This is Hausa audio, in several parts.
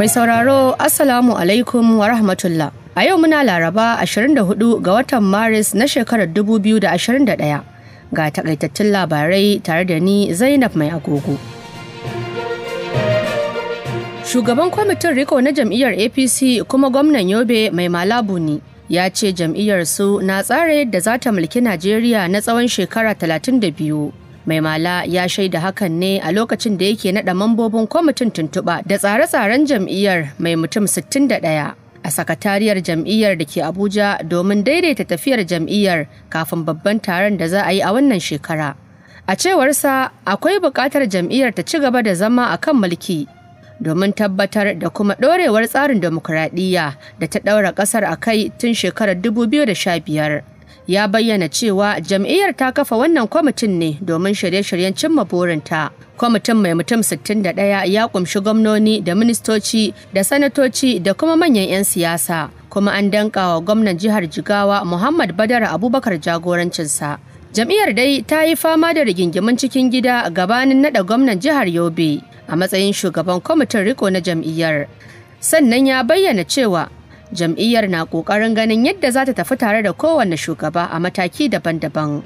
Mai sauraro Assalamu alaikum wa rahmatullah. A yau muna Laraba 24 ga watan Maris na shekarar 2021 ga takaitattun labarai tare da ni Zainab mai agogo. Shugaban kwamitin riko na jam'iyyar APC kuma gwamnan Yobe mai malabu ne. ya ce jam'iyyar su na tsara yadda za ta mulki Najeriya na tsawon shekara 32 maimala ya shaida hakan ne a lokacin da yake naɗa mambobin kwamitin tuntuɓa da tsare-tsaren jam'iyyar mai mutum 61 a sakatariyar jam'iyyar da ke abuja domin daidaita tafiyar jam'iyyar kafin babban taron da za a yi a wannan shekara a cewarsa akwai buƙatar jam'iyyar ta ci gaba da zama a kan mulki domin tabbatar da kuma ɗorewar tsarin demokuraɗiyya da ta ɗaura ƙasar a kai tun shekarar 2015 ya bayyana cewa jam'iyyar ta kafa wannan kwamitin ne domin shirye-shiryen cimma burinta. Kwamitin mai mutum 61 ya kumshi gwamnoni da ministoci da sanatoci da kuma manyan 'yan siyasa, kuma an danka wa gwamnan jihar Jigawa Muhammad Badara Abubakar jagorancinsa. Jam'iyyar dai ta yi fama da rigingimin cikin gida gabanin naɗa gwamnan jihar Yobe a matsayin shugaban kwamitin riko na jam'iyyar. Sannan ya bayyana cewa jam'iyyar na ƙoƙarin ganin yadda za ta tafi tare da kowane shugaba a mataki daban-daban.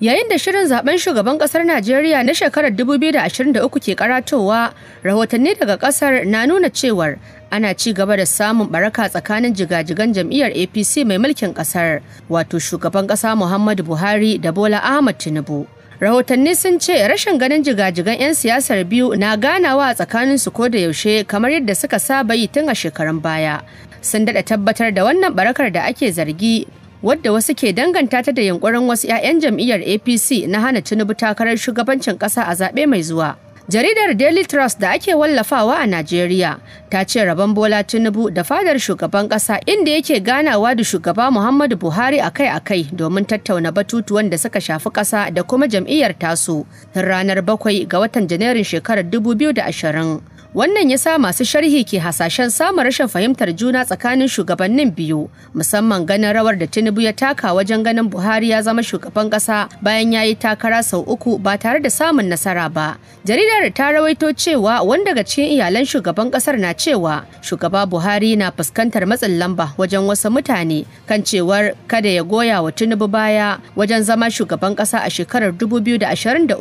Yayin da shirin zaben shugaban kasar Najeriya na shekarar 2023 ke karatowa, rahotanni daga kasar na nuna cewar ana ci gaba da samun baraka tsakanin jigajigan jam'iyyar apc mai mulkin kasar wato shugaban kasa muhammadu buhari da bola ahmad tinubu rahotanni sun ce rashin ganin jigajigan 'yan siyasar biyu na ganawa a tsakaninsu ko da yaushe kamar yadda suka saba yi tun a shekarun baya sun daɗa tabbatar da wannan barakar da ake zargi wadda wasu ke danganta ta da yunkurin wasu 'ya'yan jam'iyyar apc na hana tinubu takarar shugabancin ƙasa a zaɓe mai zuwa Jaridar Daily Trust da ake wallafawa a Najeriya ta ce rabon Bola Tinubu da fadar shugaban ƙasa inda yake ganawa da shugaba Muhammadu Buhari akai-akai domin tattauna batutuwan da suka shafi ƙasa da kuma jam'iyyar tasu ranar bakwai ga watan Janairun shekarar 2020. Wannan ya sa masu sharhi ke hasashen samun rashin fahimtar juna tsakanin shugabannin biyu, musamman ganin rawar da Tinubu ya taka wajen ganin Buhari ya zama shugaban ƙasa bayan ya yi takara sau uku ba tare da samun nasara ba. Jaridar ta rawaito cewa wani daga cikin iyalan shugaban ƙasar na cewa shugaba Buhari na fuskantar matsin lamba wajen wasu mutane kan cewar kada ya goya wa Tinubu baya wajen zama shugaban ƙasa a shekarar 2023.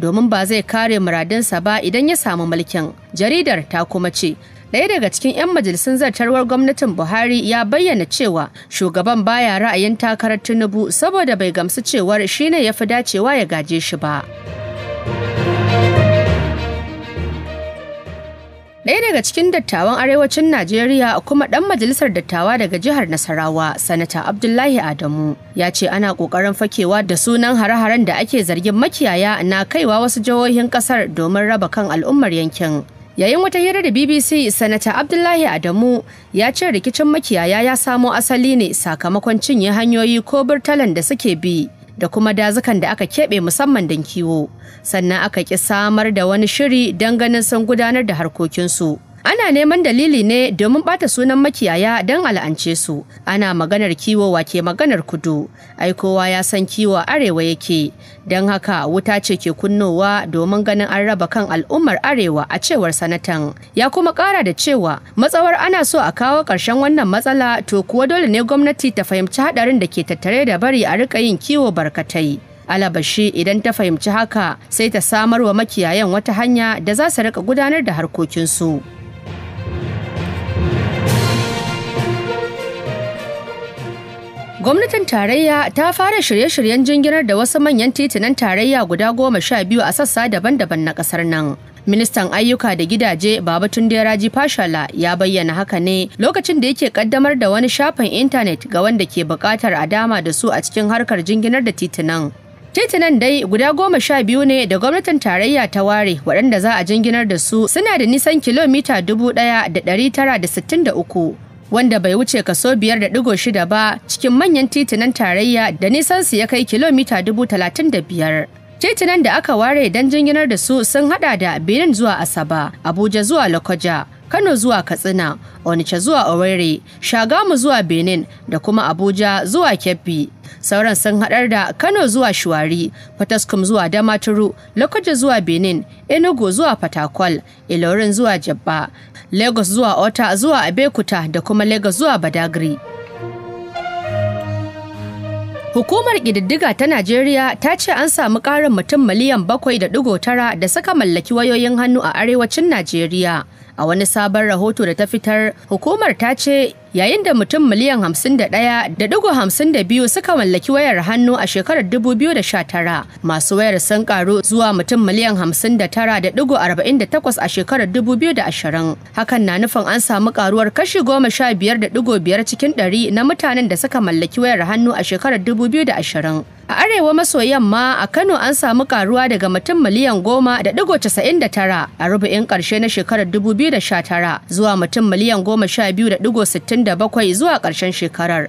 domin ba zai kare muradinsa ba idan ya samu mulkin jaridar ta kuma ce Daya daga cikin 'yan majalisun zartarwar gwamnatin Buhari ya bayyana cewa shugaban baya ra'ayin takarar Tinubu saboda bai gamsu cewar shine ya fi dacewa ya gaje shi ba. Ɗaya daga cikin dattawan arewacin Najeriya kuma ɗan majalisar dattawa daga jihar Nasarawa, Sanata Abdullahi Adamu, ya ce ana ƙoƙarin fakewa da sunan hare-haren da ake zargin makiyaya na kaiwa wasu jihohin ƙasar domin raba kan al'ummar yankin. Yayin wata hira da BBC, Sanata Abdullahi Adamu ya ce rikicin makiyaya ya samo asali ne sakamakon cinye hanyoyi ko burtalan da suke bi. da kuma dazukan da aka keɓe musamman don kiwo sannan aka ƙi samar da wani shiri don ganin sun gudanar da harkokinsu. ana neman dalili ne domin bata sunan makiyaya don al'ance su ana maganar kiwo wake maganar kudu ai kowa ya san kiwo arewa yake don haka wuta ce ke kunnowa domin ganin an raba kan al'ummar arewa a cewar sanatan ya kuma ƙara da cewa matsawar ana so a kawo ƙarshen wannan matsala to kuwa dole ne gwamnati ta fahimci haɗarin da ke tattare da bari a riƙa yin kiwo barkatai alabashi idan ta fahimci haka sai ta samar wa makiyayan wata hanya da za su rika gudanar da harkokinsu. Gwamnatin tarayya ta fara shirye-shiryen jinginar da wasu manyan titunan tarayya guda goma sha biyu a sassa daban-daban na kasar nan. Ministan ayyuka da gidaje Baba Tunde Raji Fashala ya bayyana haka ne lokacin da yake kaddamar da wani shafin intanet ga wanda ke buƙatar a dama da su a cikin harkar jinginar da titunan. titunan dai guda goma sha biyu ne da gwamnatin tarayya ta ware waɗanda za a jinginar da su suna da nisan kilomita dubu ɗaya da ɗari tara da sittin da uku wanda bai wuce kaso biyar da digo shida ba cikin manyan titunan tarayya da nisan su ya kai kilomita dubu talatin da biyar. Titunan da aka ware don jinginar da su sun hada da Benin zuwa Asaba, Abuja zuwa Lokoja, Kano zuwa Katsina, Onitsha zuwa Owerri, Shagamu zuwa Benin da kuma Abuja zuwa Kebbi. Sauran sun haɗar da Kano zuwa Shuwari, Fataskum zuwa Damaturu, Lokoja zuwa Benin, Enugu zuwa Fatakwal, Ilorin zuwa Jabba, Lagos zuwa Ota zuwa Abekuta da kuma Lagos zuwa Badagri. Hukumar ƙididdiga ta Najeriya ta ce an samu ƙarin mutum miliyan bakwai da ɗigo tara da suka mallaki wayoyin hannu a arewacin Najeriya. A wani sabon rahoto da ta fitar, hukumar ta ce yayin da mutum miliyan 51.52 suka mallaki wayar hannu a shekarar 2019 masu wayar sun karu zuwa mutum miliyan 59.48 a shekarar 2020 hakan na nufin an samu karuwar kashi 15.5 cikin 100 na mutanen da suka mallaki wayar hannu a shekarar 2020 A arewa maso yamma a Kano an samu karuwa daga mutum miliyan goma da digo casa'in da tara a rubu'in karshe na shekarar dubu biyu da sha tara zuwa mutum miliyan goma sha biyu da digo sittin da bakwai zuwa karshen shekarar.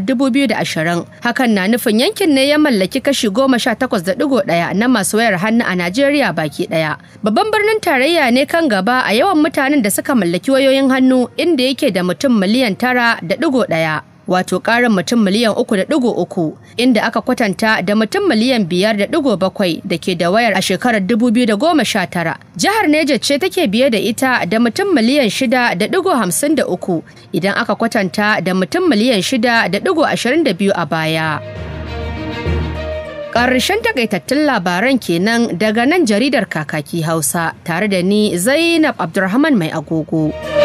shekarar 2020. Hakan na nufin yankin ne ya mallaki kashi 18.1 na masu wayar hannu a Najeriya baki daya. Babban birnin tarayya ne kan gaba a yawan mutanen da suka mallaki wayoyin hannu inda yake da mutum miliyan tara da digo ɗaya. wato karin mutum miliyan uku da uku inda aka kwatanta da mutum miliyan biyar da bakwai da ke da wayar a shekarar dubu biyu da goma sha tara jihar neja ce take biye da ita da mutum miliyan shida da idan aka kwatanta da mutum miliyan shida da biyu a baya. Ƙarshen takaitattun labaran kenan daga nan jaridar kakaki Hausa tare da ni Zainab Abdulrahman mai agogo.